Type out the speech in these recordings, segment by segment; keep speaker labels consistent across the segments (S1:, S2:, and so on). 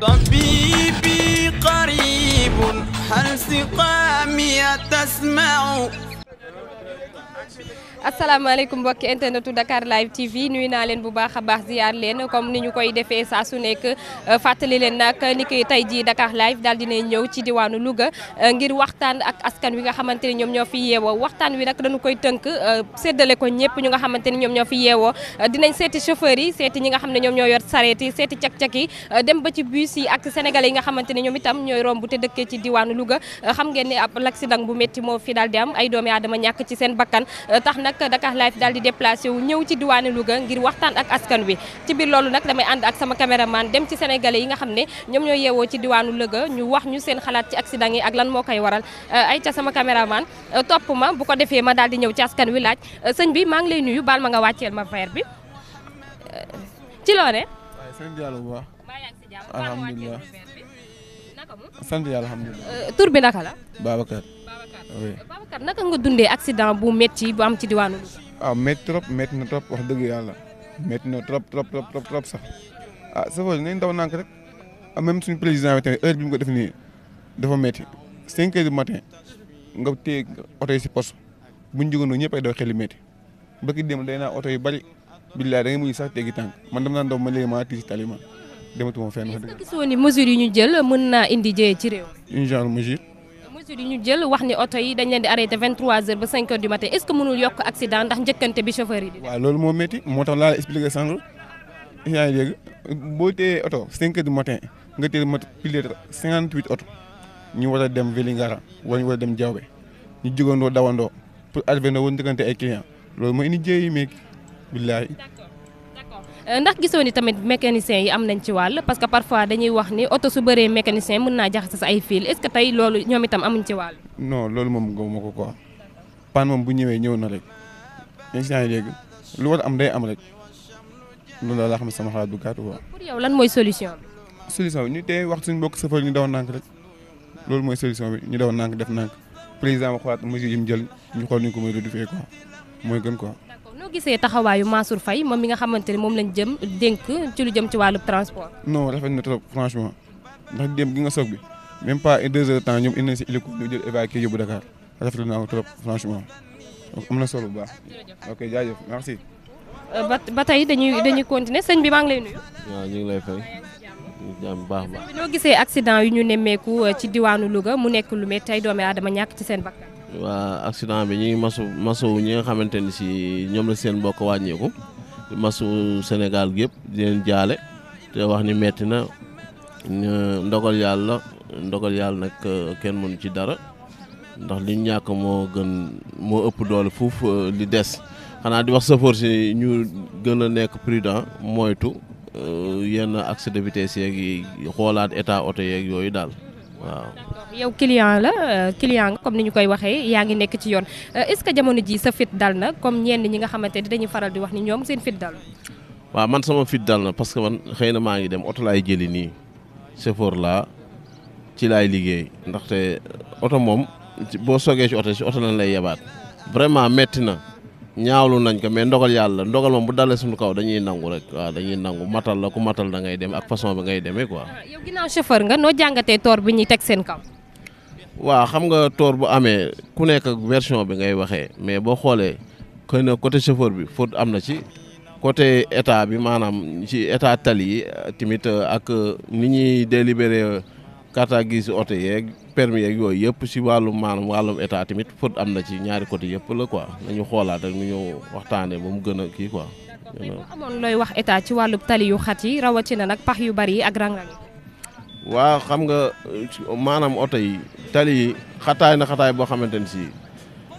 S1: طبيبي قريب هل سقامي تسمع asalaamaaleykum mbokki internetu Dakar Live TV nuy naa leen bu baax a baax ziar leen comme ni ñu koy defee saa su nekk euh, fàttali leen nag ni ki tey jii Dakar Live daal dina ñëw ci diwaanu Louga euh, ngir waxtaan ak askan wi nga xamante ni ñoom ñoo fi yeewoo waxtaan wi nag dañu koy tënk euh, séddale ko ñëpp ñu nga xamante ni ñoom ñoo fi yeewoo dinañ seeti chauffeur yi seeti ñi nga xam ne ñoom ñoo yor sareet yi seeti cak-cak yi dem ba ci bus yi ak sénégalais yi nga xamante ni ñoom itam ñooy romb te dëkkee ci diwaanu luga xam ngeen ne ab l'accident bu métti moo fi daal di am ay doomi aadama ñàkk ci seen bakkan Euh, tax nag Dakar Live daal di déplacé wu ñëw ci diwaanu Louga ngir waxtaan ak askan wi ci biir loolu nag damay ànd ak sama caméraman dem ci senegale yi nga xam ne ñoom ñoo yeewoo ci diwaanu Louga ñu wax ñu seen xalaat ci accident yi ak lan moo koy waral euh, ay ca sama caméraman euh, topp ma bu ko defee ma daal di ñëw ci askan wi laaj sëñ bi maa ngi lay nuyu baal ma nga wàcceel ma verre bi ci loone
S2: sant alhamdulilah tur bi naka la
S1: Babacar naka nga dundee accident bu métti bu am ci diwaanu Louga.
S2: waaw ah, métti trop métti na trop wax dëgg yàlla métti na trop trop trop trop trop sax ah safoo nañ daw nànk rek ah, même suñu président bi tamit heure bi mu ko def nii dafa métti cinq heures du matin si poste buñ jógoonoo ñëpp ay daw xel yu métti bëgg dem day naa oto yu bari billaay da ngay mujj sax teggi tànk man dama naan daw ma léegi maa tiisi tali ma dematuma fenn. wax dëgg est-ce
S1: que gisoo yi ñu jël mën naa indi jëye ci
S2: réew.
S1: mesures yi ñu jël wax ni oto yi dañ leen di arrêté 23h ba 5h du matin est-ce que mënul yokk accident ndax njëkkante
S2: moo métti moo tax la expliqué sànq boo téyee oto 5h nga téye mat pile 58 oto ñu war a dem Vélingara wala ñu war a dem Diaobé ñu jógandoo dawandoo pour arrivé na woon njëkkante ay clients loolu mooy indi jéey yi meeg
S1: Euh, ndax gisoo ni tamit mécanicien yi am nañ ci wàll parce que parfois dañuy wax ni oto su bëree mécanicien mën naa jaxase sa ay fil est ce que tey loolu ñoom itam amuñ ci wàll.
S2: non loolu moom gëmuma ko quoi paan bu ñëwee ñëw na rek incident yi léegi lu war am day am rek loolu daal laa xam sama xalaat bu gàtt quoi.
S1: pour lan mooy solution
S2: bi. ñu tey wax suñu mbokk chauffeur ñu daw nànk rek loolu mooy solution bi ñu daw nànk def nànk président ma xoolaat mesure mu jël ñu xool ni ko mooy modifier quoi mooy gën quoi.
S1: noo gisee taxawaayu Mansour fay moom mi nga xamante ne moom lañ jëm dénk ci lu jëm ci wàllu transport.
S2: non rafet na trop franchement ndax dem gi nga soog bi même pas deux heures de temps ñoom indi nañ si hélico ñu jël évacué na trop franchement am na solo bu baax.
S3: ok jaajëf merci.
S1: Euh, ba ba tey dañuy dañuy sëñ bi maa ngi lay nuyu.
S3: waaw ñu ngi lay fay. jàmm baax
S1: baax. ñoo gisee accident yu ñu nemmeeku euh, ci diwaanu Louga mu nekk lu métti ay doomi aadama ñàkk ci seen bakkan.
S3: waa accident bi ñu ngi masu masu ñi nga xamante ni si ñoom la seen mbokk wàññeeku masu Sénégal gi di leen jaale te wax ni metti na ndogal yàlla ndogal yàlla nag euh, kenn mënu ci dara ndax li ñàkk moo gën moo ëpp doole fuuf euh, li des xanaa di wax safoor si ñu gën a nekk prudent moytu euh, yenn accès de vitesse yeeg yi xoolaat état oto yeeg yooyu daal waaw.
S1: yow client la euh, client nga comme ni ñu koy waxee yaa ngi nekk ci yoon euh, est-ce que jamono ji sa fit dal na comme ñenn ñi nga xamante ne dañuy faral di wax ni ñoom seen fit dal.
S3: waaw man sama fit dal na parce que man xëy na maa ngi dem oto laay jëli nii chauffeur laa ci laay liggéey ndaxte oto moom boo sogee ci oto ci oto lañ lay yebaat vraiment metti na. ñaawlu nañ ko mais ndogal yàlla ndogal moom bu dalee suñu kaw dañuy nangu rek waaw dañuy nangu matal la ko matal da ngay dem ak façon bi ngay demee quoi. Ah,
S1: yow nga noo jàngatee toor bi ñuy teg seen kaw.
S3: waaw xam nga toor bu amee ku nekk ak version bi ngay waxee mais boo xoolee xëy na côté chauffeur bi fóot am na ci côté état bi maanaam ci état tali yi tamit ak ni ñuy délibéré carte grise oto yeeg. permis yeeg yooyu yëpp si wàllum maanaam wàllum état tamit fët am na ci ñaari côté yëpp la ko nañu xoolaat rek nu ñu waxtaanee ba mu gën a kii quoi.
S1: amoon looy wax état ci wàllum tali yu xat yi na nag pax yu bari yi ak rang-rang
S3: waaw xam nga maanaam oto yi tali yi xataay na xataay boo xamante ne si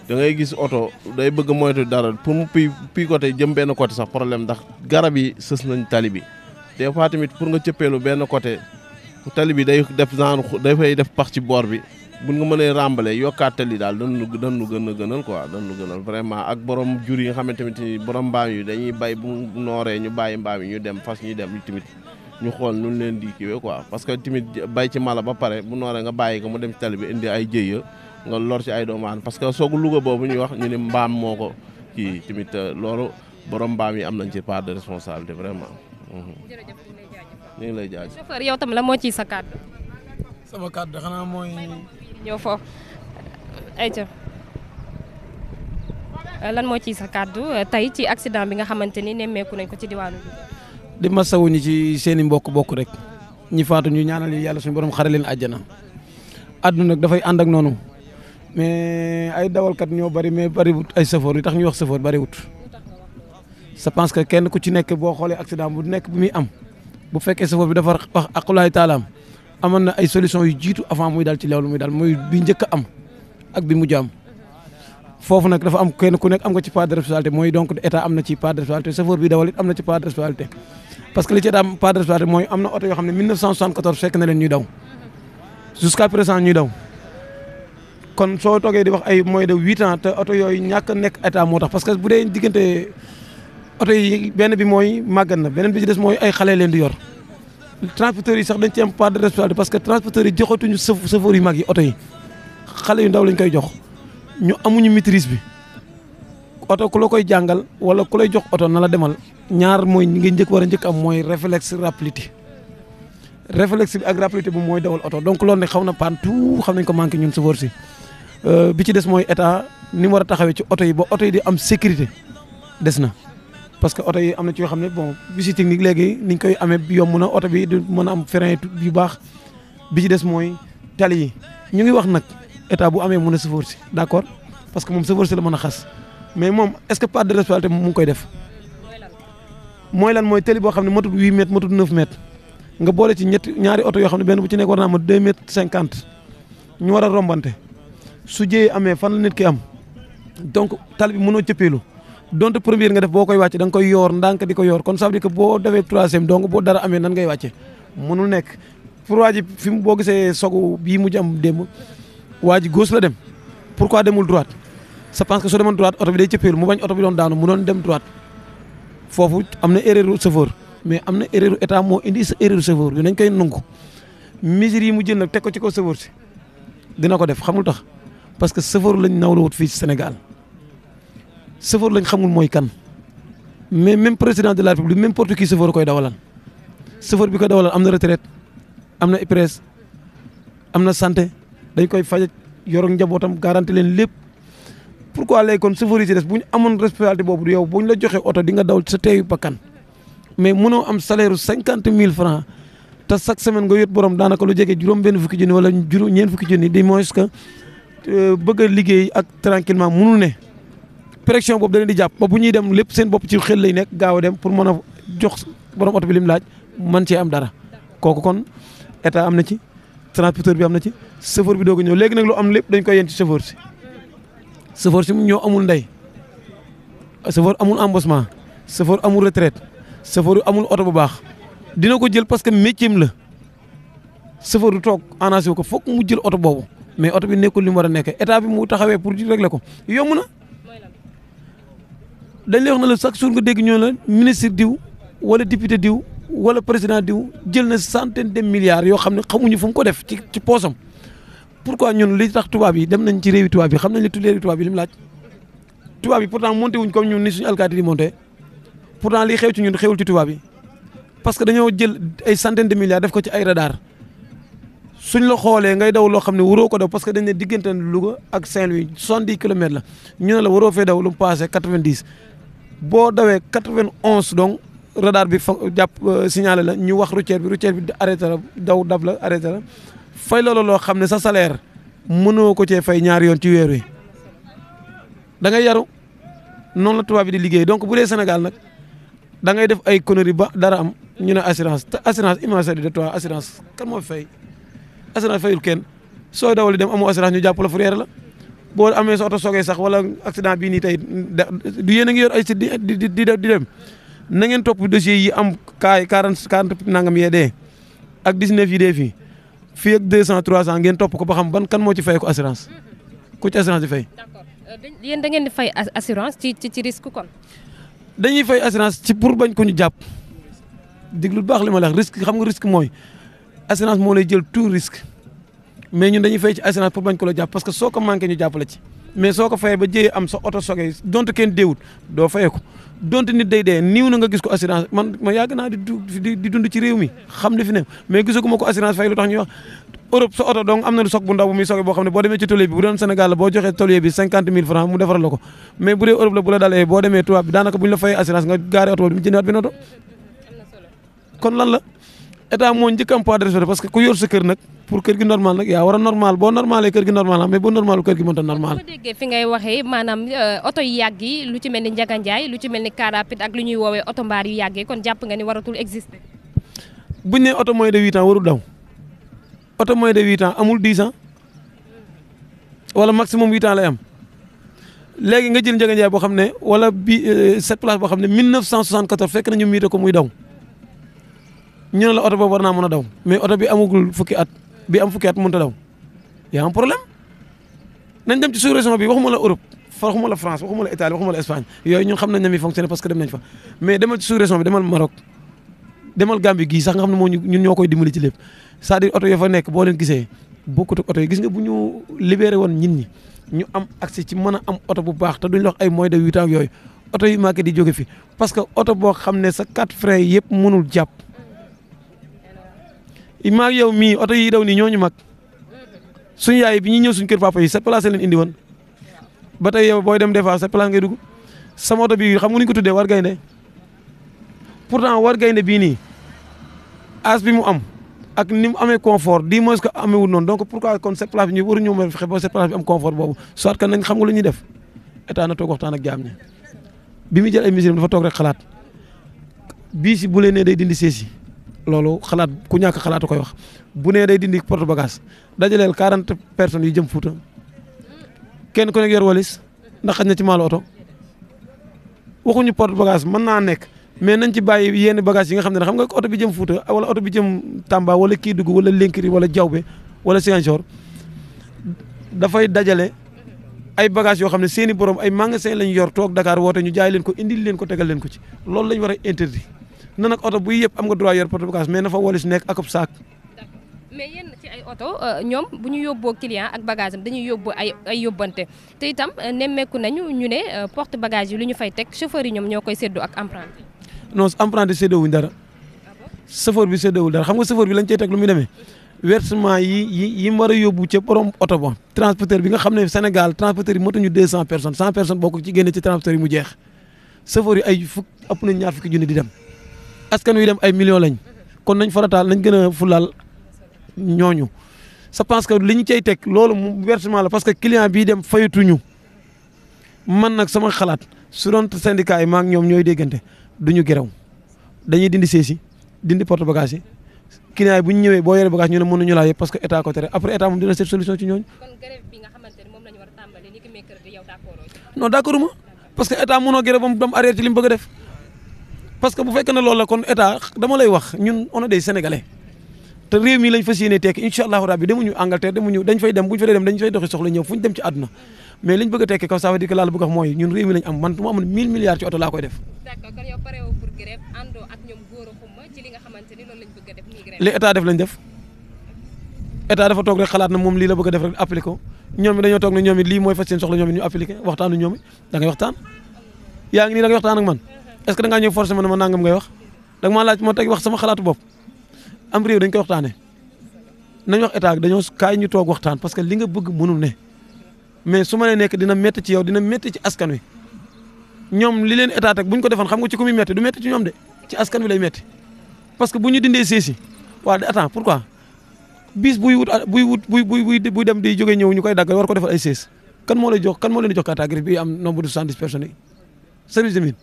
S3: da gis oto day bëgg moytu dara pour mu pi pi côté jëm benn côté sax problème ndax garab yi sës nañ tali bi des fois tamit pour nga cëppeelu benn côté. tali bi day def genre day fay def pax ci boor bi bu nga mënee ràmbale yokkaat tali daal dañu nu gën a gënal quoi dañu gënal vraiment ak borom jur yi nga xamante ni borom mbaam yi dañuy bay bu nooree ñu bàyyi mbaam yi ñu dem fas ñu dem tamit ñu xool nu leen di kiiwee ko parce que tamit bay ci mala ba pare bu nooree nga bàyyi ko mu dem ci tali bi indi ay jéya nga lor ci ay doomu parce que soogu Louga boobu ñuy wax ñu ne mbaam moo ko kii tamit loolu borom mbaam yi am nañ ci part de responsabilité vraiment. Mhm. ñu
S1: ngi tam la moo ciy sa kàddu. sama kàddu xanaa mooy. ñëw foofu ayca lan moo ciy sa kàddu tey ci accident bi nga xamante ni nemmeeku nañ ko ci diwaanu
S4: di masawu ñi ci seen i mbokk bokk rek ñi faatu ñu ñaanal yàlla suñu borom xare leen àjjana. àdduna nag dafay ànd ak noonu ay dawalkat ñoo bari mais bariwut ay safoor yi tax ñuy wax safoor bariwut. je pense kenn ku ci nekk boo xoolee accident bu nekk bu muy am. bu fekkee safar bi dafa wax aqulaay taalaam amoon ay solution yu jiitu avant muy daal ci loolu muy dal muy bi njëkk am ak bi mujj am foofu nag dafa am kenn ku nekk am nga ci part de mooy donc état am na ci part de responsabilité chauffeur bi dawal it am parce que li ci état part de mooy am na oto yoo xam ne 1974 fekk na leen ñuy daw jusqu'à présent ñuy daw kon soo toogee di wax ay mooy de huit ans te oto yooyu ñàkk nekk état moo tax parce que bu dee diggante oto yi benn bi mooy màggat na beneen bi ci des mooy ay xale leen di yor transporteurs yi sax dañ ci am part de responsabilité parce que transporteurs yi joxatuñu chauffeur yu mag yi oto yi xale yu ndaw lañ koy jox ñu amuñu maîtrise bi oto ku la koy jàngal wala ku lay jox oto na la demal ñaar mooy nga njëkk war a njëkk am mooy réflexe rapidité réflexe bi ak rapidité mooy dawal oto donc loolu ne xaw na paan tout xam ko manqué ñun chauffeur si euh, bi ci des mooy état ni taxawee ci oto yi ba oto yi di am sécurité des na parce que oto yi am na ci yoo xam ne bon visite technique léegi niñ koy amee yomb na oto bi du mën a am frein yu baax bi ci des mooy tali yi ñu ngi wax nag état bu amee mun a sëfoor si d' accord parce que moom sëfoor si la mën na xas mais moom est ce que de responsabilité mu ngi koy def mooy lan mooy tali boo xam ne matut 8 mètres matut 9 mètres nga boole ci ñetti ñaari oto yoo xam ne benn bu ci nekk war naa ma 2 mètres 50 ñu war a rombante su jëyee amee fan la nit ki am donc tali bi mënoo cëppeelu donte première nga def boo koy wàcce danga koy yoor ndànk di ko yoor kon ça veut dire boo defee troisième donc boo dara amee nan ngay wàcce mënul nekk pour waa fi mu boo gisee sogu bii mu jam démb waa ji gauche la dem pourquoi demul droite je pense que soo oto bi day cëppeelu mu bañ bi doon daanu mu doon dem droite foofu am na erreur chauffeur mais am na erreur état moo indi sa erreur chauffeur bi nañ koy nangu mesures yi mu jël nag teg ko ci kaw chauffeur si dina ko def xamul tax parce que chauffeur lañ wut fii ci Sénégal chauffeur lañ xamul mooy kan mais même président de la république même porte qui chauffeur koy dawalan chauffeur bi ko dawalan am na retraite am na IPRES am na santé dañ koy faj yoroog njabootam garanti leen lépp pourquoi léegi kon chauffeur yi ci des bu ñu amoon responsabilité boobu du yow bu ñu la joxee oto di nga daw sa teeyu bakkan mais mënoo am salaire cinquante mille francs te chaque semaine nga yot borom daanaka lu jege juróom benn fukki junni wala juróom ñeent fukki junni di moins que euh, bëgg a liggéey ak tranquillement mënul ne. pression boobu da di jàpp ba bu ñuy dem lépp seen bopp ci xel lay nekk gaaw a dem pour mën a jox borom oto bi lim laaj man cee am dara kooku kon état am na ci transporteur bi am na ci chauffeur bi doog a ñëw léegi nag loo am lépp dañ koy yéen ci chauffeur si chauffeur si ñoo amul ndey chauffeur amul embossement chauffeur amul retraite chauffeur amul oto bu baax dina ko jël parce que métier am la chauffeur du toog annoncé ko foog mu jël oto boobu mais oto bi nekkul li mu war a nekkee état bi mu taxawee pour di régler ko yomb na dañ lay wax na la chaque jour nga dégg ñoo la ministre diw wala député diw wala président diw jël na centaine de milliards yoo xam ne xamuñu fu mu ko def ci ci poosam pourquoi ñun li tax tubaab yi dem nañ ci réewi tubaab yi xam nañ li tuddee réewi tubaab yi li mu laaj tubaab yi pourtant monté wuñ comme ñun ni suñu alkaati di monté pourtant li xew ci ñun xewul ci tubaab yi parce que dañoo jël ay centaine de milliards def ko ci ay radar suñ la xoolee ngay daw loo xam ne waroo ko daw parce que dañ ne diggante Louga ak Saint-Louis la ñu ne la waroo fee daw lu mu boo dawee quatre-vingt-onze donc radar bi fa jàpp euh, signalé la ñu wax routière bi routière bi arrêté la daw dab la arrêté la fay la loo xam ne sa salaire mënoo ko cee fay ñaari yoon ci weer wi da yaru noonu la tubaab bi di liggéey donc bu dee Sénégal nag da ngay def ay conneries ba dara am ñu ne assurance te assurance image de toi assurance kan moo fay assurance fayul kenn sooy dawali dem amoo assurance ñu jàpp la fu réer la. boo amee sa oto sogee sax wala accident bii nii tey du yéen a di di dem na ngeen topp dossier yi am kaay quarante quarante nangam yee dee ak dix-neuf yi dee fii fii ak deux cent trois cent ngeen topp ko ba xam ban kan moo ci fay ko assurance ku assurance di fay. d'accord
S1: euh, yéen da ngeen di fay assurance ci ci risque kon.
S4: dañuy fay assurance ci pour bañ ko ñu jàpp déglu baax li ma la wax xam nga risque mooy assurance moo lay jël tout risque. mais ñun dañuy fay ci assurance pour bañ ko la jàpp parce que soo ko manqué ñu jàppale ci mais soo ko fayee ba jëyee am sa oto soge donte kenn déewut doo fayee ko donte nit day dee niiw na nga gis ko assurance man ma yàgg naa di di dund ci réew mi xam li fi ne mais gisaguma ko assurance fay lu tax ñuy wax Europe sa oto donc am na lu soog bu muy soge boo xam ne boo demee ci tôlier bu dee Europe la bu la dalee boo demee tubaab bi daanaka bu ñu la fayee assurance nga gaaree oto bi mu jëndiwaat benn oto kon état moo njëkk am poids de respect parce que ku yor sa kër nag pour kër gi normal nag yaa war a normal boo normalee kër gi normal mais boo normalul kër gi mënta normal. bu
S1: déggee fi ngay euh, yi lu ci mel ni njaganjaay lu ci mel ni car rapide ak lu ñuy woowee oto mbaar jàpp nga ni waratul exister.
S4: buñ ne oto mooy de huit ans warul daw oto mooy de huit ans amul dix ans wala maximum huit ans lay am léegi nga jël njaganjaay boo xam ne wala bi sept euh, place boo xam ne mille neuf cent soixante-quatorze fekk na ñu miite ko muy daw. ñu ne la oto boobu war naa mën a daw mais oto bi amagul fukki at bi am fukki at mënut a daw yaa am problème nañ dem ci sous région bi waxuma la Europe waxuma la France waxuma la Italie waxuma la Espagne yooyu ñun xam nañ ne mi fonctionné parce que dem nañ fa mais demal ci sous région bi demal Maroc demal Gambie gii nga xam ne moo ñu ñun ñoo koy dimbali ci lépp cest dire oto yoo fa nekk boo leen gisee bokkut ak oto yi gis nga bu ñu libéré woon nit ñi ñu am accès ci mën a am oto bu baax te duñ la wax ay moyens de huit ans yooyu oto yi manqué di jóge fi parce que oto boo xam ne sa quatre freins yëpp mënul jàpp maa yow mii oto yii daw nii ñooñu mag suñ yaay bi ñu ñëw suñ kër papa yi sept place leen indi woon ba tey yow booy dem des fois sept place ngay dugg sama oto bi xam nga ñu ko tuddee war gaynde pourtant war gaynde bii nii as bi mu am ak ni mu amee confort di moins que amewul noonu donc pourquoi kon sept place bi ñu waruñu mën a fexe ba sept place bi am xam nga lu ñuy def état na toog waxtaan ak jaam ñi bi mu jël ay mesures dafa toog rek xalaat bii si bu leen nee day dindi seesi loolu xalaat ku ñàkk xalaatu koy wax bu nee day dindi porte bagage dajaleel quarante personnes yu jëm Fuuta kenn ku nekk yor walis ndax xaj na ci maalu oto waxuñu porte bagage mën naa nekk mais nañ ci bàyyi yenn bagage yi nga xam ne xam nga oto bi jëm Fuuta wala oto bi jëm Tamba wala Kédougou wala Lénkiri wala Diaobé wala Ziguinchor dafay dajale ay bagage yoo xam ne i borom ay magasin lañ yor toog Dakar woote ñu jaay leen ko indil leen ko tegal leen ko ci loolu lañ war a interdit na nag oto buy yëpp am nga droit yor porte bagage mais na fa nekk akub saak.
S1: mais yenn ci ay oto euh, ñoom bu ñu yóbboo client ak bagage dañuy yóbbu ay ay yóbbante te itam euh, nemmeeku nañu ñu ne euh, porte bagage yi lu ñu fay teg chauffeur yi ñoom ñoo koy séddoo ak emprunté.
S4: non emprunté séddoo wuñ dara. chauffeur bi séddoo wul dara xam nga chauffeur bi lañ cey teg lu muy demee versement yi yi yi mu war a yóbbu ca borom oto bo transporteur bi nga xam ne Sénégal transporteur yi motuñu deux cent personnes cent personnes boo ko ci génne ci transporteur yi mu jeex chauffeur yi ay fukk di dem. askan wi dem ay million lañ kon nañ farataal nañ gën a fulaal ñooñu je pense que li ñu cay teg loolu mu versement la parce que client bi dem fayatuñu man nag sama xalaat su doon syndicat yi ñoom ñooy déggante du ñu gerew dañuy dindi seesi dindi porte bagage yi client yi bu ñu ñëwee boo yore bagage ñu ne mënuñu laa parce que état ko tere après état moom dina seet solution ci ñooñu. kon grève la d' accord non d' parce que état mënoo grève ba mu arrière ci li mu bëgg def. parce que bu fekkee ne loolu la kon état dama lay wax ñun on est des te réew mii lañ fas yéene tekki incha allahu rabbi demuñu Angleterre demuñu dañ fay dem buñ fa dee dem dañ fay doxi soxla ñëw fu ñu dem ci àdduna a tekki kaw ça veut dire a ñoom a xuma ci a def nii def lañ def état toog rek xalaat moom lii la bëgg def rek appliqué ko ñoom it dañoo toog ne ñoom it lii mooy fas seen soxla ñoom it ñu appliqué waxtaanu ñoom it da waxtaan yaa ngi nii da ngay man est-ce que da ñëw forcé ma ne ma nangam ngay wax da ma maa moo teg wax sama xalaatu bopp am réew dañ koy waxtaanee nañ wax état dañoo kaay ñu toog waxtaan parce que li nga bëgg mënul ne mais su ma nee nekk dina métti ci yow dina métti ci askan wi ñoom li leen état teg bu ko defoon xam nga ci ku muy métti du métti ci ñoom de ci askan wi lay métti parce que bu ñu dindee séesi waa attends pourquoi bis buy wut buy wut buy buy buy dem di jóge ñëw ñu koy dagg war ko defal ay séesi kan moo lay jox moo leen di jox catégorie bi am nombre de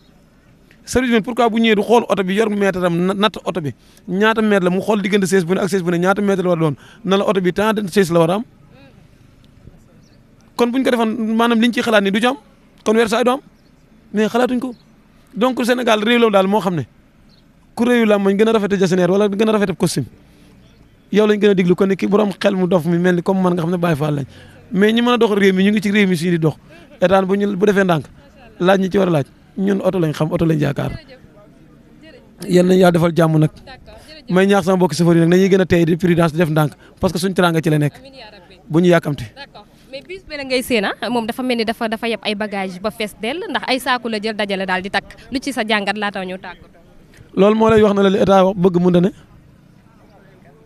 S4: service bi pourquoi bu ñëwee du xool oto bi yor mètre natt oto bi ñaata mètre la mu xool diggante seize bu ne ak seize bu ñaata mètre la war doon na oto bi temps de la war am kon bu ñu ko defoon maanaam liñ ciy xalaat ni du ci am kon weer saay du mais xalaatuñ ko donc Sénégal réew la daal moo xam ne ku réew la mañ gën a rafetee jasineer wala gën a rafetee costume yow lañ gën a diglu kon ni ki borom xel mu dof mi mel ni comme man nga xam ne Baay Faal lañ mais ñi mën a dox réew ngi ci réew mi suñu di dox état ñu bu defee a laaj ñun oto lañ xam oto lañ yaakaar yéen nañ yàlla defal jàmm nag may ñaax sama mbokki chauffeur yi nag nañuy gën a teey di prudence di def ndànk parce que suñu teraanga ci la nekk ñu yàkkamte
S1: mais bis bi la ah, moom dafa ni dafa dafa ay bagage ba fees dell ndax ay saaku la jël dajale daal di takk lu ci sa jàngat laata ñu tàgg
S4: loolu moo lay wax na la li wax bëgg mun ne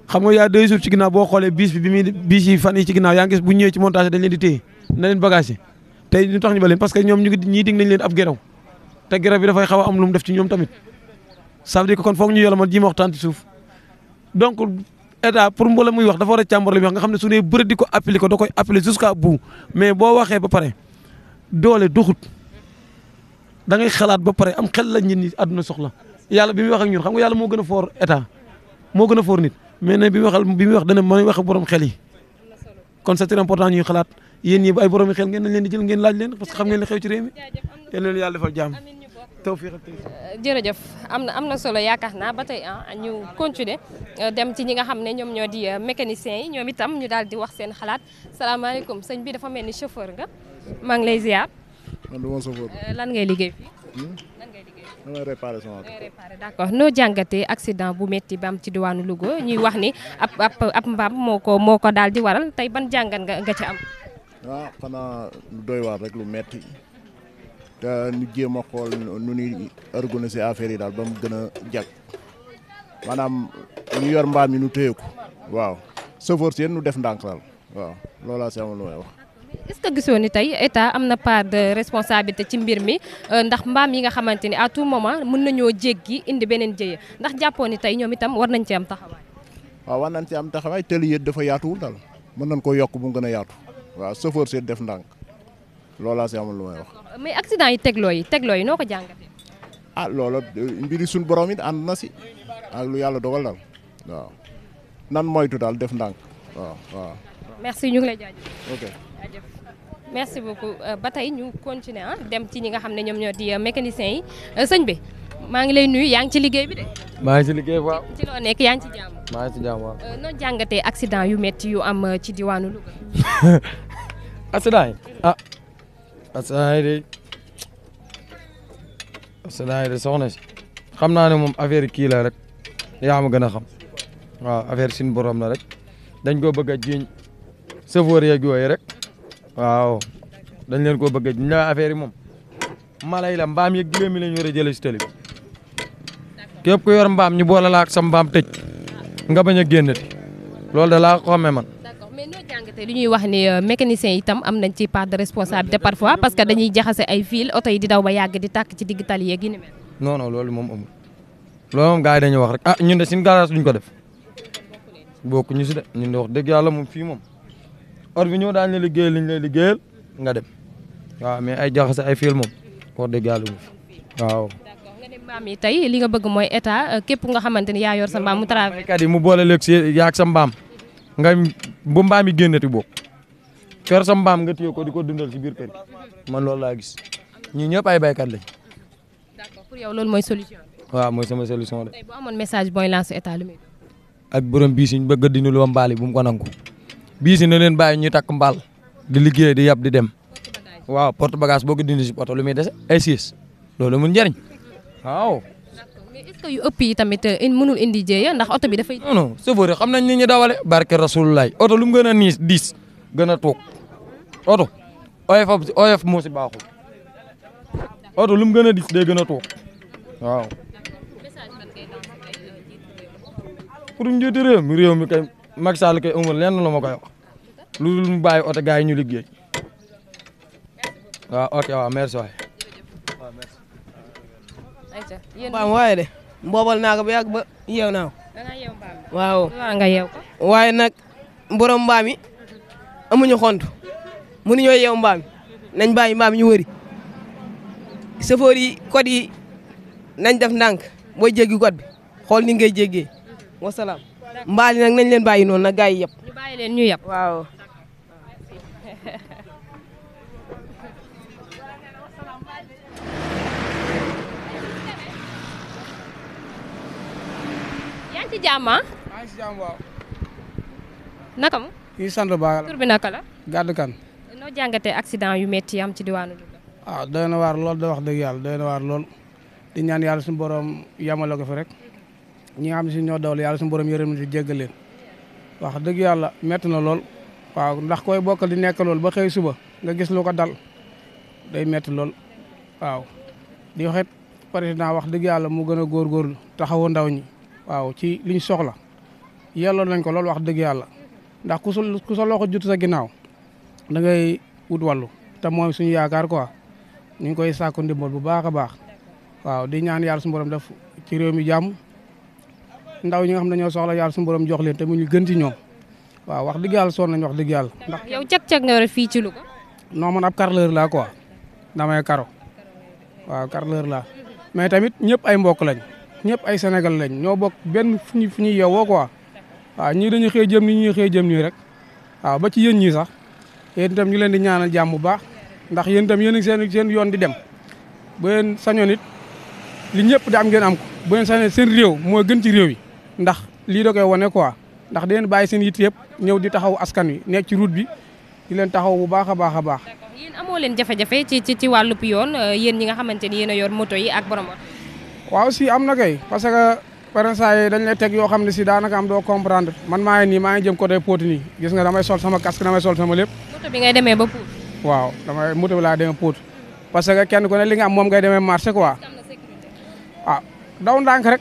S4: xam nga yaa deux jours ci ginnaaw boo xoolee bis bi bi yi fan yi ci ginnaaw yaa ngi bu ñëwee ci montage dañ leen di téye na leen bagage yi tey ñu tax ñu ba leen parce que ñoom ñu ngi ñii dig nañ leen ab te garab bi dafay xaw a am lu mu def ci ñoom tamit ça veut kon foog ñu yàlla man ji ma waxtaan ci suuf donc état pour mboolem muy wax dafa war a càmbar muy wax nga xam ne su dee bëri di ko appeler ko da koy appeler a bout mais boo waxee ba pare doole doxut da ngay xalaat ba pare am xel la nit ñi àdduna soxla yàlla bi muy wax ak ñun xam nga yàlla moo gën a foor état moo gën a foor nit mais ne bi muy wax bi muy wax dana mën a wax ak borom xel yi. kon c'est très important ñuy xalaat yéen ñi ay borom xel ngeen nañ leen di jël ngeen laaj leen parce que xam ngeen li xew ci réew mi yéen leen yàlla defal jàmm tawfiq ak
S1: euh, jërëjëf am na am na solo yaakaar naa ba tey ah ñu continuer euh, dem ci ñi nga xam ne ñoom ñoo di euh, mécaniciens yi ñoom itam ñu daal di wax seen xalaat salaamaaleykum sëñ bi dafa mel ni chauffeur nga maa ngi lay ziar. man du lan ngay liggéey damay réparé sama oto. d' noo jàngatee accident bu metti ba am ci diwaanu Louga ñuy wax ni ab ab ab mbaam moo ko moo ko daal di waral tey ban jàngat nga nga ci am.
S3: waaw ah, xanaa lu doy waar rek lu metti te ñu jéem a xool nu ñuy organiser affaire yi daal ba mu gën a jag maanaam ñu yor mbaam yi ñu téye ko waaw chauffeur si yéen ñu def ndànk daal waaw loolaa si amul lu wax.
S1: est-ce que ni tey état am na par de responsabilité ci mbir mi euh, ndax mbaam yi nga xamante ni à tout moment mën nañoo jéggi indi beneen jëye ndax jàppoo ni tey ñoom itam war nañ ci am taxawaay.
S3: waaw war nañ ci am taxawaay tëli dafa yaatuwul daal mën nañ ko yokk bu mu gën a yaatu waaw chauffeur seet def ndànk loolaa si amul lu may wax.
S1: mais accident yi tegloo yi tegloo yi noo ko jàngatee.
S3: ah loola euh, mbiri suñ borom it ànd na si ak lu yàlla dogal daal waaw nan moytu daal def ndànk waaw waaw.
S1: merci beaucoup euh, ba tey ñu continuer ah, dem ci ñi nga xam ne ñoom ñoo di euh, mécaniciens yi euh, sëñ bi maa ngi lay nuyu yaa ngi ci liggéey bi de.
S5: maa ngi ci liggéey waaw. ci loo nekk yaa ngi ci
S1: jàngatee accident yu métti yu am ci diwaanul Louga.
S5: accident yi. ah accident yi de soxna si xam naa ne moom affaire kiila la rek yaa ma gën a xam waaw affaire suñu borom la rek dañ koo bëgg a jiiñ sëfoor yeeg yooyu rek. waaw dañ leen koo bëgg a ñu affaire yi moom mala yi la mbaam yeeg gileem yi la ñu war a jëlee si tali bi képp ku yor mbaam ñu boole la ak sa mbaam tëj nga bañ a génnati loolu da laa xamee man.
S1: li ñuy wax ni euh, mécanicien yi itam am nañ ci part de responsabilité parfois parce que dañuy jaxase ay fil oto di daw ba yàgg di tàkk ci digg tali yeeg yi loolu
S5: moom amul loolu moom gars yi dañuy wax rek ah ñun de suñu garage duñ ko def bokkuñu si de ñun de wax dëgg yàlla moom fii moom. heure bi ñëw daañu la liggéeyal li ñu nga dem waaw mais ay jaxase ay fiil moom wax dëgg mu fi waaw. d'accord
S1: nga ne tey li nga bëgg mooy état euh, képp nga xamante ni yaa sa mbaam mu. traversé baykat yi
S5: mu boole léegi si yaa ak sa mbaam nga bu mbaam yi génnati boobu yor sa mbaam nga téye ko di ko dundal si biir kër man loolu laa gis ñii ñëpp ay baykat lañ.
S1: d'accord pour loolu mooy solution.
S5: waaw mooy sama solution de. tey boo
S1: amoon message booy lancer état lu
S5: muy. bii suñ bëgg dindi lu mbaali bu mu ko nangu. bii si na leen bàyyi ñuy takk mbaal di liggéey di yab di dem waaw porte bagage boo ko dindi si oto lu muy dese ay siis loolu mun njëriñ waaw.
S1: mais est-ce que yu ëpp yi tamit euh, mënul indi jéeya ndax oto bi dafay. non
S5: non chauffeur yi xam nañ ni ñu dawale barke rasulullaay oto lu mu gën a niis diis gën a toog oto oyof oyof moo si gën a diis day gën a toog waaw. pour njiitu réew mi Macky Sall kay amul lenn la lu dul mu bàyyi oto gars yi ñu liggéey waaw ok waaw merci waay.
S1: mbaam waaye de mboobal naa ko ba yàgg ba yeew naa ko waaw waaye nag borom mbaam yi amuñu xont mënuñoo yeew mbaam nañ bàyyi mbaam ñu wëri yi code yi nañ def ndànk booy jéggi code bi xool ni ngay mbaal yi nag nañ leen bàyyi noonu nag gars yi yëpp. ñu bàyyi ñu yëpp waaw. yaa ngi ci jàmm ah? naka mu. kii sant baax la la. gàdd kan. noo jàngatee accident yu metti am ci diwaanu Louga.
S6: waaw ah, doy na waar lool da wax dëgg yàlla doy na waar lool di ñaan yàlla suñu boroom yamale ko fi rek. ñi nga xam si ñoo dawlu yàlla suñu borom yërëm na ci jéggal wax dëgg yàlla metti na lool waaw ndax koy bokkal di nekk lool ba xëy suba nga gis lu ko dal day metti lool waaw di wax it wax dëgg yàlla mu gën a góor góorgóorlu taxawu ndaw ñi waaw ci liñ soxla yelloon nañ ko lool wax dëgg yàlla ndax ku sa ku sa loxo jut sa ginnaaw dangay ngay wut wàllu te mooy suñu yaakaar quoi ñu ngi koy sàkku ndimbal bu baax a baax waaw di ñaan yàlla suñu borom def ci réew mi jàmm ndaw ñi nga xam ne dañoo soxla yàlla suñu borom jox leen te ñu gën ci ñoom waaw wax dëgg yàlla soon nañu wax dëgg yàlla. ndax
S1: yow cag-cag nga war fii ci Louga.
S6: non man ab carreleur laa quoi damay karo waaw carreleur laa mais tamit ñëpp ay mbokk lañ ñëpp ay Sénégal lañ ñoo bokk benn fu ñu fu ñuy yeewoo quoi ñii dañuy xëy jëm ni ñuy xëy jëm nii rek waaw ba ci yéen ñii sax yéen itam ñu leen di ñaanal jàmm bu baax ndax yéen tam yéen seen seen yoon di dem bu yéen sañoon it li ñëpp di am ngeen am ko bu yéen sañoon seen réew moo gën ci réew yi ndax lii da koy wone quoi ndax di leen bàyyi seen yitt yëpp ñëw di taxaw askan wi nekk ci route bi di leen taxaw bu baax a baax a baax. d'accord
S1: yéen leen jafe-jafe ci ci ci wàllub yoon euh, yéen ñi nga xamante ni yéen a yor moto yi ak borom
S6: waaw si am na kay parce que parents yi dañ lay teg yoo xam ne si daanaka am doo comprendre man maa ngi nii maa ngi jëm côté pot nii gis nga damay sol sama casque damay sol sama lépp.
S1: moto demee ba Pout.
S6: waaw damay moto bi laa demee Pout parce que kenn ko ne li nga am moom ngay demee marché quoi ah daw ndànk rek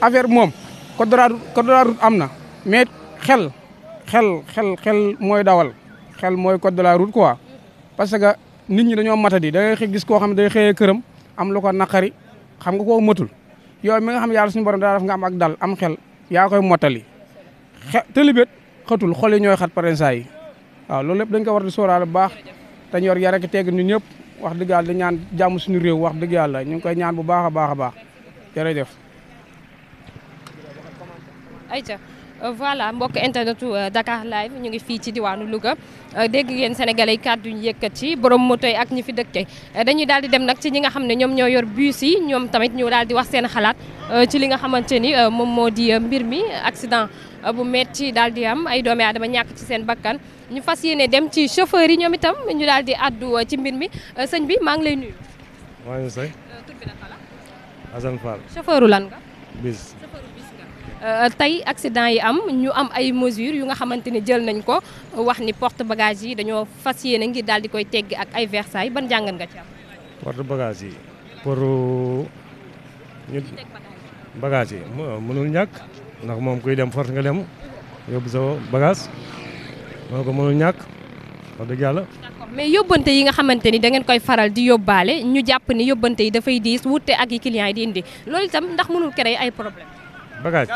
S6: affaire moom code de am na mais xel xel xel xel mooy dawal xel mooy code de la route parce que nit ñi dañoo matadi di ngay gis koo xam ne day xëyee këram am lu ko naqari xam nga koo matul yow mi nga xam yàlla suñu borom daa def nga am ak dal am xel yaa koy mottali xe tëlibét xatul xol yi ñooy xat parensaa yi loolu lépp dañ ko war di sóoraale bu baax dañ yor yar ak tegg ñun ñëpp wax dëgg yàlla di ñaan jàmm suñu réew wax dëgg yàlla ñu ngi koy ñaan bu baax a baax a baax jërëjëf
S1: ay ca euh, voilà mbokk internetu euh, Dakar live ñu ngi fii ci diwaanu Louga euh, dégg geen sénégalais yi kàddu ñu yëkkati borom moto yi ak ñi fi dëkke dañuy daal di dem nag ci ñi nga xam ne ñoom ñoo yor bus yi ñoom tamit ñu daal di wax seen xalaat ci li nga xamante ni moom moo di mbir mi accident bu metti daal di am ay doomi aadama ñàkk ci seen bakkan ñu fas yéene dem ci chauffeur yi ñoom itam ñu daal di addu ci mbir mi sëñ bi maa ngi lay nuyu.
S7: maa ngi lan
S1: nga. Euh, tey accident yi am ñu am ay mesures yu nga xamante ni jël nañ ko wax ni porte bagage yi dañoo fas yéene ngir daal di koy teggi ak ay Versailles ban jàngat nga ci am.
S7: porte bagage yi pour euh, ñu bagage yi mënul ñàkk ndax moom kuy dem force nga dem yóbbu sa bagage moo ko mënul ñàkk wax dëgg yàlla.
S1: mais yóbbante yi nga xamante ni dangeen koy faral di yóbbaale ñu jàpp ni yóbbante yi dafay diis wuute ak yi clients yi di indi loolu itam ndax mënul créer ay problème
S7: bagage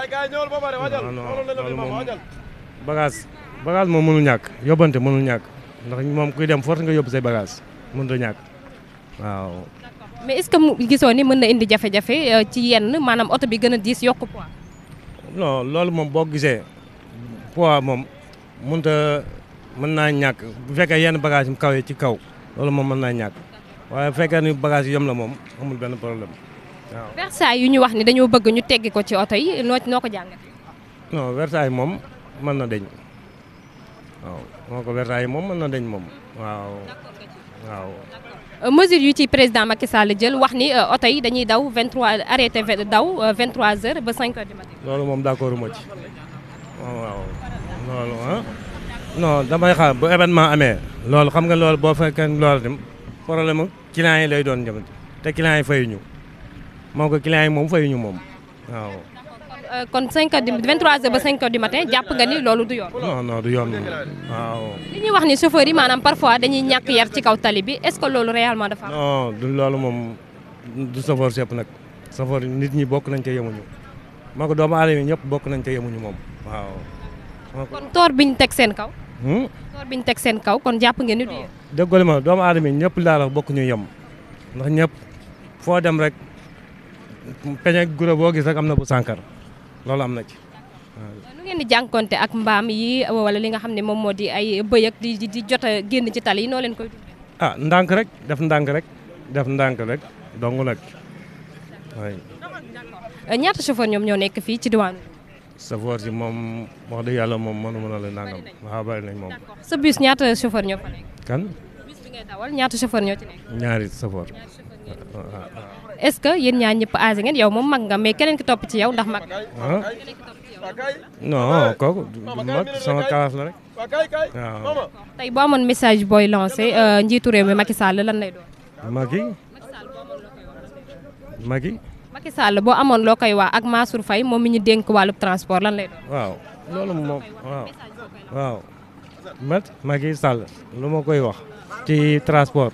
S7: bagage bagage moom mënul ñàkk yóbbante mënul ñàkk ndax moom kuy dem force nga yóbbu say bagage mënut a ñàkk waaw.
S1: mais est-ce mu gisoo ni mën na indi jafe-jafe euh, ci yenn maanaam oto bi gën a diis yokku poids.
S7: non loolu moom boo gisee poids moom mënut mën naa ñàkk bu fekkee yenn bagage mu kaw ci kaw loolu moom mën naa ñàkk waaye bu fekkee ni bagage yi la moom amul benn problème. waaw
S1: Versailles yu ñu wax ni dañoo bëgg ñu teggi ko ci oto yi noo noo ko jàngat.
S7: non Versailles moom mën na deñ waaw moo ko moom mën na deñ moom waaw. waaw.
S1: Euh, mesure yu ci président Macky Sall jël wax ni euh, oto yi dañuy daw 23 arrêté daw 23h euh, ba 5h
S7: loolu moom d'accord ma ci waaw loolu ah non damay xaar bu événement amee loolu xam nga loolu boo fekkee loolu dem problème mu yi lay doon jëm te client yi fayuñu. moo ko yi moom fayuñu moom
S1: euh, kon 5 heures du 23 ba 5 heures du jàpp nga ni loolu du yoon.
S7: non non du yoon waaw.
S1: li wax ni chauffeur yi maanaam parfois dañuy ñàkk yar ci kaw tali bi est-ce que loolu réellement dafa fa
S7: non du loolu moom du chauffeur yëpp nag chauffeur nit ñi bokk nañ ca yemuñu moo ko doomu aadama ñëpp bokk nañ ca yemuñu moom waaw. kon
S1: toor bi ñu teg seen kaw. Hmm? toor teg seen kaw kon jàpp nga ni du
S7: yoon. ma doomu aadama yi ñëpp laa bokk ñu yem ndax ñëpp foo dem rek. peñe guro boo gis rek am na bu sànkar loolu am na ci.
S1: nu ngeen di jànkonte ak mbaam yi wala li nga xam ne moom moo di ay bëy ak di di jot génn ci tali yi noo leen koy dundee.
S7: ah ndànk rek def ndànk rek def ndànk rek dong nag waaye.
S1: ñaata chauffeur ñoom ñoo nekk fii ci diwaanu.
S7: chauffeur moom wax yàlla moom mënu mën a nangam nañ moom.
S1: sa bus ñaata chauffeur ñoo fa nekk. kan. bus
S7: ñaari chauffeur.
S1: est-ce que yéen ñaa ñëpp âgé ngeen yow moom mag nga mais keneen ki topp ci yow ndax mag.
S7: ah non kooku mag sama kaas la rek waaw.
S1: boo amoon message booy lancé euh, njiitu réew mi Macky Sall lan lay doon. Macky. boo amoon loo koy wax ak Mansour Faye moom mi ñu dénk wàllub transport lan lay doon.
S7: waaw loolu moom waaw waaw. mat Macky Sall lu ma wax. ci transport.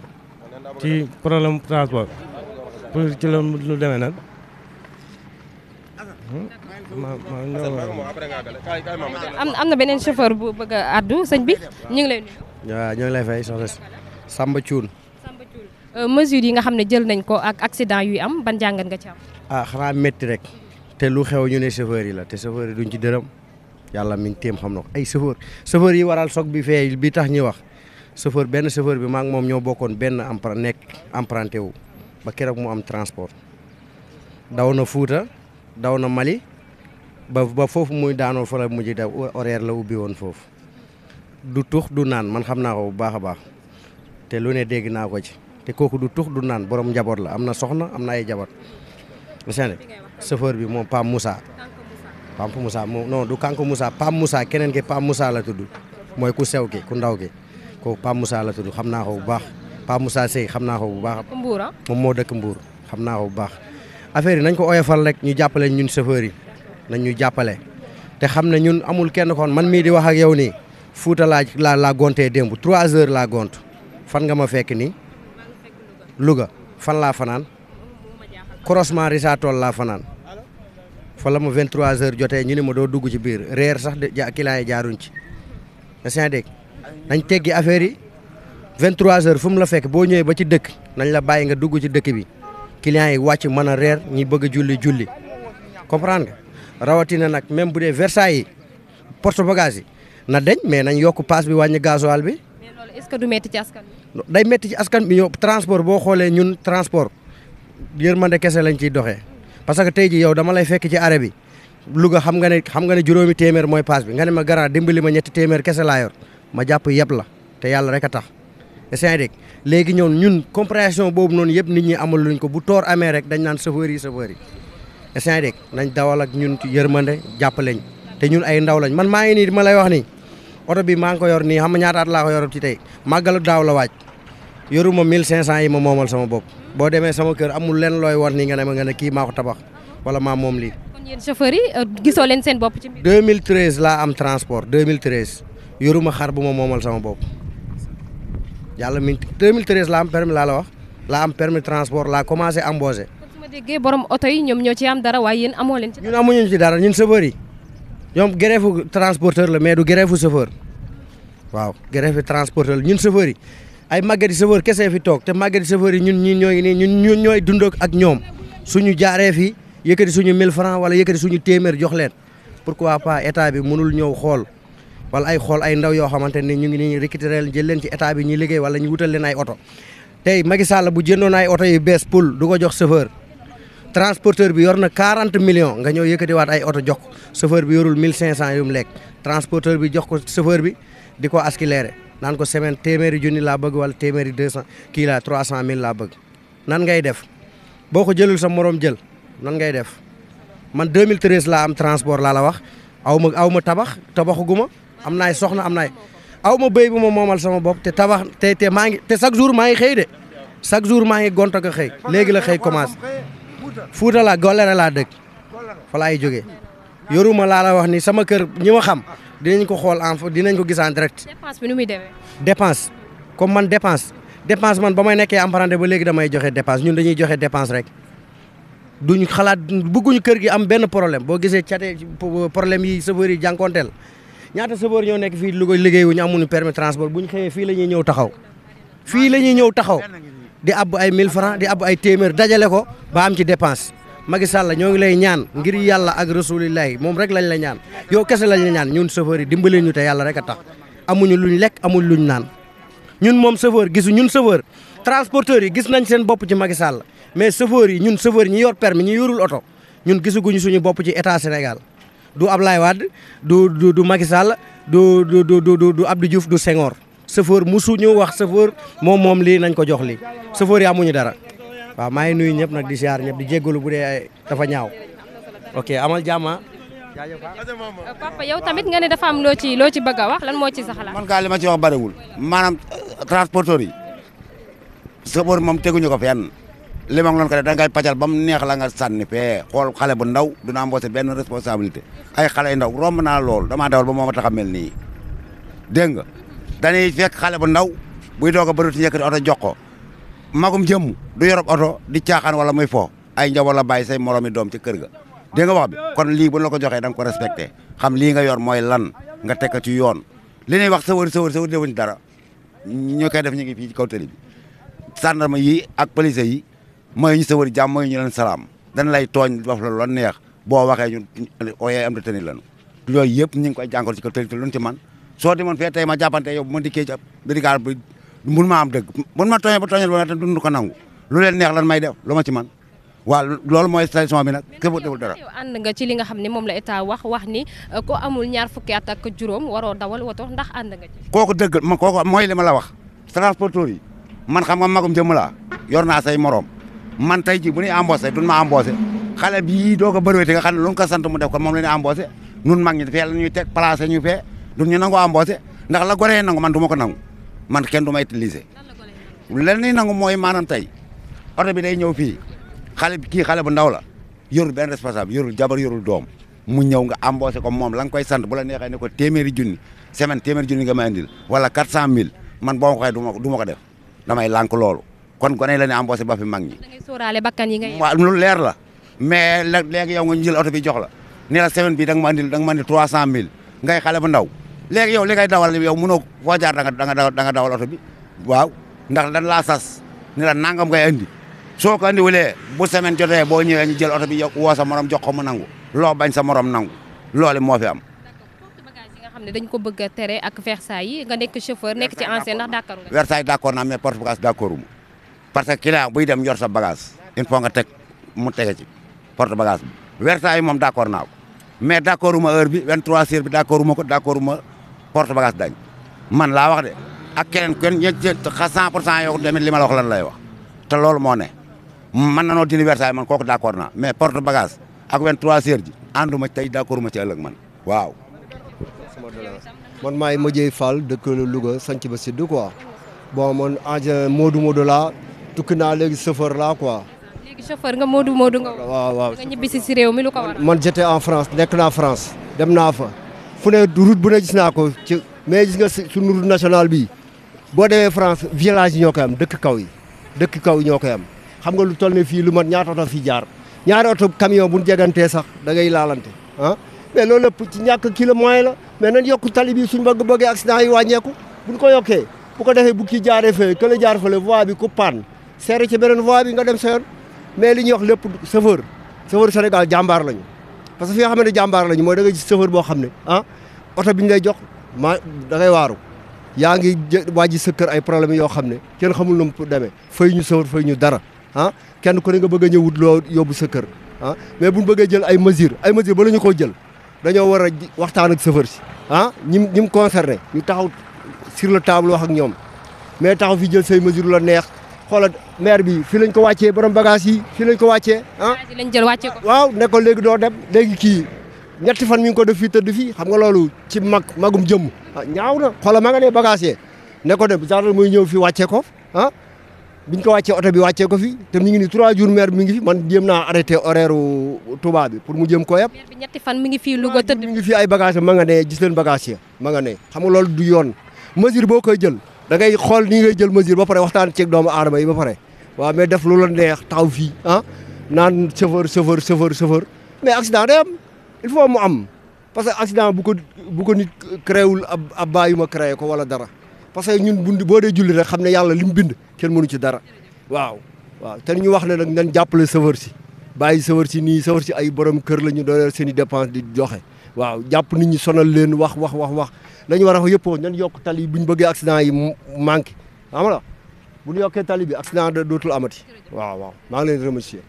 S7: ci problème transport. pour ci la lu demee nan.
S1: am na beneen chauffeur bu bëgg a addu sëñ bi ñu ngi lay
S8: nuyu. waaw Samba Thioune. Samba
S1: euh, yi nga xam ne jël nañ ko ak accident yuy am ban jàngat nga ci am.
S8: ah xanaa métti rek te lu xew ñu ne chauffeur yi la te chauffeur duñ ci dërëm yàlla mi ngi téem xam na ko ay chauffeur chauffeur yi waral soog bi fee bi tax ñuy wax chauffeur benn chauffeur bi maa moom ñoo bokkoon benn empr nekk emprunté wu. ba keroog mu am transport daw na Fuuta daw na Mali ba ba foofu muy daanoo fa la mujj da horaire la ubbi woon foofu du tux du naan man xam naa ko bu baax a baax te lu ne dégg naa ko ci te kooku du tux du naan borom njaboot la am na soxna am na ay jaboot seen chauffeur bi moo Pam Moussa Pam Moussa moo non du Kanko musaa Pam musaa keneen ki Pam Moussa la tudd mooy ku sew ki ku ndaw ki kooku Pam Moussa la tudd xam naa ko bu baax Pa Moussa Seye xam naa ko bu baax. Mbour ah? moom moo dëkk Mbour xam naa ko bu baax. affaire yi nañ ko oyofal rek ñu jàppale ñun chauffeur yi nañ ñu jàppale te xam ne ñun amul kenn kon man mii di wax ak yow nii Fuuta laa la laa gontee démb trois heures laa gont fan nga ma fekk nii Louga fan laa fanaan croisement Richard Toll laa fanaan fa la ma vingt trois heures jotee ñu ne ma doo dugg ci biir reer sax de ja kilaaye jaaruñ ci nga dégg nañ teggi affaire 23 heures fu la fekk boo ñëwee ba ci dëkk nañ la bàyyi nga dugg ci dëkk bi clients yi wàcc mën a reer ñi bëgg a julli julli comprendre rawatina nag même bu dee Versailles yi porte bagage yi na deñ mais nañ yokk paas bi wàññi gasoil bi.
S1: est-ce que du ci askan
S8: bi. day métti ci askan bi ñoom transport boo xoolee ñun transport yërmande kese lañ ciy doxe parce que tey ji yow dama lay fekk ci arrêt bi Louga xam nga ne xam nga ne juróomi téeméer mooy paas bi nga ne ma garant dimbali ma ñetti téeméer kese laa yor ma jàpp yeb la te yàlla rek a tax. yaa ngi léegi ñoom ñun compréhension boobu noonu yëpp nit ñi amul luñ ko bu toor amee rek dañ naan chauffeur yi chauffeur yi yaa ngi dégg nañ dawal ak ñun yërmande jàppaleñ te ñun ay ndaw lañ man maa ngi nii ma lay wax nii oto bi maa ngi ko yor nii xam ma ñaata at laa ko yor ci tey màggalu daaw la waaj yoruma 1500 yi ma moomal sama bopp boo demee sama kër amul lenn looy war ni nga ne ma nga ne kii maa ko tabax wala maa moom lii.
S1: kon yéen chauffeur yi euh, seen bopp ci.
S8: 2013 laa am transport 2013 yoruma xar bu ma moomal sama bopp. yàlla mi 2013 la am permis laa la wax laa am permis transport laa commencé embauché.
S1: kon su ma oto yi ñoom ñoo ci am dara waaye yéen amoo leen ci. ñun
S8: amuñu ci dara ñun chauffeur yi ñoom grève transporteur la mais du grève chauffeur waaw grève transporteur la ñun chauffeur yi ay màggati chauffeur kese fi toog te màggati chauffeur yi ñun ñii ñooy nii ñun ñun ñooy dund ak ñoom suñu jaaree fi yëkkati suñu 1000 francs wala yëkkati suñu téeméer jox leen pourquoi pas état bi mënul ñëw xool. wala ay xool ay ndaw yoo xamante ne ñu ngi nii récupéré jël leen ci état bi ñuy liggéey wala ñu wutal ay oto tey Macky Sall bu jëndoon ay oto yu bees poul du ko jox chauffeur transporteur bi yor na 40 millions nga ñëw yëkkatiwaat ay oto jox ko chauffeur bi yorul 1500 yu mu lekk transporteur bi jox ko chauffeur bi di ko askiléré naan ko semaine téeméeri junni laa bëgg wala téeméeri 200 kii laa 300 mille laa bëgg nan ngay def boo ko jëlul sa moroom jël nan ngay def man 2013 laa am transport laa la wax aw ma aw ma tabax tabaxu guma am naa soxna am naay aw ma béy bu ma moomal sama bopp te tabax te te maa ngi te chaque jour maa ngi xëy de chaque jour maa ngi gont ko xëy léegi la xëy commencé Fuuta la Golere laa dëkk fa laay jógee yoruma laa la wax ni sama kër ñi ma xam dinañ ko xool en dinañ ko gis en direct.
S1: dépense bi nu muy demee.
S8: dépense comme man dépence dépense man ba may nekkee apprenti ba léegi damay joxe dépense ñun dañuy joxe dépense rek. duñu xalaat bëgguñu kër gi am benn problème boo gisee cate problème yi chauffeur yi jànkonteel ñaata chauffeur ñoo nekk fii Louga liggéeyuñu amuñu permis transport bu ñu xëyee fii la ñuy ñëw taxaw fii la ñuy ñëw taxaw di ab ay 1000 francs di ab ay téeméer dajale ko ba am ci dépense Macky Sall ñoo ngi lay ñaan ngir yàlla ak rasulillahi moom rek lañ la ñaan yow kese lañ la ñaan ñun chauffeur yi dimbale ñu te yàlla rek a tax amuñu luñ lekk amuñ luñ naan ñun moom chauffeur gisu ñun chauffeur transporteurs yi gis nañ seen bopp ci Macky Sall mais chauffeur yi ñun chauffeur ñi yor permis ñi yorul oto ñun gisaguñu suñu bopp ci état Sénégal du Ablaye Wade du du du Macky Sall du du du du du Abdou Diouf du Senghor. chauffeur musu ñu wax chauffeur moom moom lii nañ ko jox lii chauffeur yi amuñu dara waaw maa ngi nuyu ñëpp nag di siyaar ñëpp di jéggalu bu dee dafa ñaaw ok amal jàmm ah. Ah.
S1: Euh, papa yow tamit nga ne dafa am loo ci loo ci bëgg wax lan moo ci sa man
S9: kaa li ma ci wax bariwul maanaam euh, transporteur yi chauffeur moom teguñu ko fenn li ma ko def da ngay pacal ba mu neex la nga sànni fee xool xale bu ndaw dina am benn responsabilité ay xale yu ndaw romb naa lool damaa dawal ba moo ma tax a mel nii dégg nga dañuy fekk xale bu ndaw buy doog ba bëri ci yëkkati oto jox ko magum jëmm du yorob oto di caaxaan wala muy fo ay njaboot la bàyyi say moromi doom ci kër ga. dégg nga wax bi kon lii bu la ko joxee da nga ko respecté xam lii nga yor mooy lan nga teg ci yoon li ñuy wax sawar sawar sawar defuñ dara ñu koy def ñu ngi ci kaw tali bi gendarme yi ak police yi. mooy ñu sa wër jàmm mooy ñu leen salaam dañ lay tooñ wax la lu neex boo waxee ñun ooyee am da tani lanu yooyu yëpp ñu ngi koy jànkoor ci ko tëri luñ ci man soo demoon tey ma jàppante yow bu ma dikkee ci brigade bi mun maa am dëgg mun ma tooñee ba tooñee ba te duñ ko nangu lu leen neex lan may def lu ma ci man waaw loolu mooy tradition bi nag képp deful dara yow
S1: nga ci li nga xam ne moom la état wax wax ni euh, ko amul ñaar fukki at ak juróom waroo dawal woto ndax ànd nga ci
S9: kooku dëgg ma kooku mooy li ma la wax transporteur yi man xam nga magum jëmm laa yor naa say moroom man tey ji bu ñuy embauché duñ ma embauché xale bii doo ko bëriwee nga xam ne lu ko sant mu def ko moom la ñuy embauché nun mag ñi fee la ñuy teg placé ñu fee duñ ñu nangu embauché ndax la goree nangu man duma ko nangu man kenn du ma utilisé leneen nangu mooy maanaam tey oto bi day ñëw fii xale bi kii xale bu ndaw la yorul benn responsable yorul jabar yorul doom mu ñëw nga embauché ko moom la nga koy sant bu la neexee ne ko téeméeri junni semaine téeméeri junni nga ma indil wala 400000 man boo ma ko xëy du ma ko def damay lànk loolu kon gone la ne embauché ba fi mag ñi. da
S1: ngay bakkan yi ngay. waaw
S9: lu leer la mais léegi yow nga jël oto bi jox la ne la semaine bi da nga ma andil da nga ma andil trois cent mille ngay xale bu ndaw léegi yow li ngay dawal yow mënoo foo jaar da nga da nga dawal oto bi waaw ndax dan laa sas ne la nangam ngay andi soo ko andi bu semaine jotee boo ñëwee ñu jël bi yow woo sa morom jox ko mu nangu loo bañ sa morom nangu loolu moo fi am.
S1: dañ ko bëgg a tere ak Versailles yi nga nekk chauffeur nekk ci ancien ndax d'accord nga.
S9: Versailles porte bagage d'accord mu parce que client buy dem yor sa bagage il faut nga teg mu tege ci porte bagage bi wertaay moom d' accord naa ko mais d' accord uma bi 23 heures bi d' accord uma ko d' accord porte bagage dañ man laa wax de ak keneen kenn ñe xa 100 pour cent yow li ma la wax lan lay wax te loolu moo ne man na noo dindi wertaay man kooku d' accord naa mais porte bagage ak
S10: 23 heures ji ànduma tey d' accord uma ci ëllëg man waaw man maay Madieye Fall dëkk Louga sanc ba siddu quoi bon tukki naa léegi chauffeur laa a
S1: léegi chauffeur nga Modou Modou nga. waaw waaw nga ñibbi si si réew mi lu ko waral.
S10: man j'étais en France nekk naa France dem naa fa fu bu ne gis naa ko ci mais gis nga suñu route France village ñoo koy dëkk kaw ñoo koy xam nga lu toll ne fii lu mat ñaata oto fii jaar oto camion bu ñu jegantee sax da ngay laalante ah. mais loolu lépp ci ñàkk kii la moyen la mais nañ yokk tali bi suñu bëgg bëggee accident yi wàññeeku buñ ko yokkee bu ko defee bu seere ci beneen voie bi nga dem sa yoon mais li ñuy wax lépp chauffeur chauffeur Sénégal jàmbaar lañu parce que fi nga xam ne jàmbaar lañu mooy da ngay gis boo xam ne ah bi ñu lay jox maa da waaru yaa ngi wàaji sa kër ay problème yoo xam ne kenn xamul nu mu demee fay ñu chauffeur fay ñu dara ah kenn ku ne nga bëgg a ñëwut loo yóbbu sa kër ah mais bëgg bëggee jël ay mesures ay mesures ba la ñu koo jël dañoo war a waxtaan ak chauffeur si ah ñi ñi mu ñu taxaw sur la table wax ak ñoom mais taxaw fi jël say mesures la neex xoolal maire bi fii lañ ko wàccee borom bagage yi fii lañ ko wàccee
S1: ah. lañ jël wàccee
S10: waaw ne ko léegi doo dem léegi kii ñetti fan mi ngi ko def fii tëdd fii xam nga loolu ci mag magum jëmm ah, ñaaw na xoolal ma nga nee bagage yee ne ko mooy ñëw fii wàccee ko ah biñ ko wàccee oto bi wàccee ko fi te mi ngi ni trois jours mi ngi fi man jéem naa arrêté horaire Touba bi pour mu jéem koo yeb. maire bi ñetti fan mi ngi fii Louga tëdd mi ngi fii ay bagage ma nga ne gis leen bagage ya xam nga loolu du yoon mesure boo koy jël da ngay xool ni ngay jël mesure ba pare waxtaan ceeg doomu aadama yi ba pare waaw mais def lu la neex taxaw fii ah naan chauffeur chauffeur chauffeur chauffeur mais accident day il faut mu am parce que accident bu ko bu ko nit créé wul ab bàyyi ma créé ko wala dara parce que ñun bundi boo dee julli rek xam ne yàlla li mu bind kenn mënu ci dara waaw waaw te ñu wax ne nag nañ jàppale chauffeur si bàyyi sawar si nii sawar si ay borom kër la ñu dooleel seen i dépense di joxe waaw jàpp nit ñi sonal leen wax wax wax wax la ñu war a wax yëppoo nan yokk tali bu ñu bëggee accident yi manqué xam bu ñu yokkee talibi bi dootul amati waaw waaw maa ngi leen remercier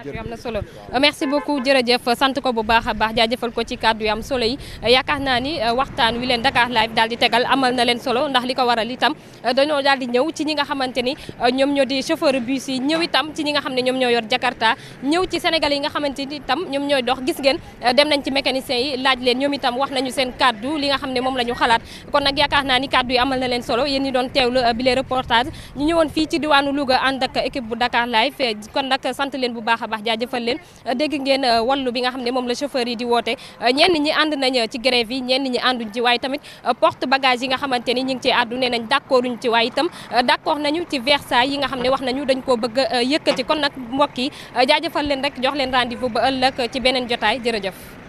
S1: kàddu yi am na solo merci beaucoup jërëjëf sant ko bu baax a baax jaajëfal ko ci kàddu yi am solo yi yaakaar naa ni eh, waxtaan wi leen Dakar live daal di tegal amal na leen solo ndax li ko waral itam eh, dañoo daal di ñëw ci ñi nga xamante ni eh, ñoom ñoo di chauffeur bus yi ñëw itam ci ñi nga xam ne ñoom ñoo yor Jakarta ñëw ci Sénégal yi nga xamante ni itam ñoom ñooy dox gis ngeen dem nañ ci mécanicien yi laaj leen ñoom itam wax nañu seen kàddu li nga xam ne moom la ñu xalaat kon na leen solo yéen ñi doon teewlu bi les reportage ñu ñëwoon fii baax jaajafal leen dégg ngeen euh, wallu bi nga xam ne moom la chauffeur yi di woote euh, ñenn ñi ànd nañ euh, ci grève yi ñenn ñi ànduñ ci waaye tamit porte bagage yi nga xamante ni ñi ngi ciy àddu nee nañ d'accorduñ ci waaye itam d'accord nañu ci Versailles yi nga xam ne wax nañu dañ koo bëgg yëkkati kon nag mbokk yi jaajëfal leen rek jox leen rendez-vous ba ëllëg ci beneen jotaay jërëjëf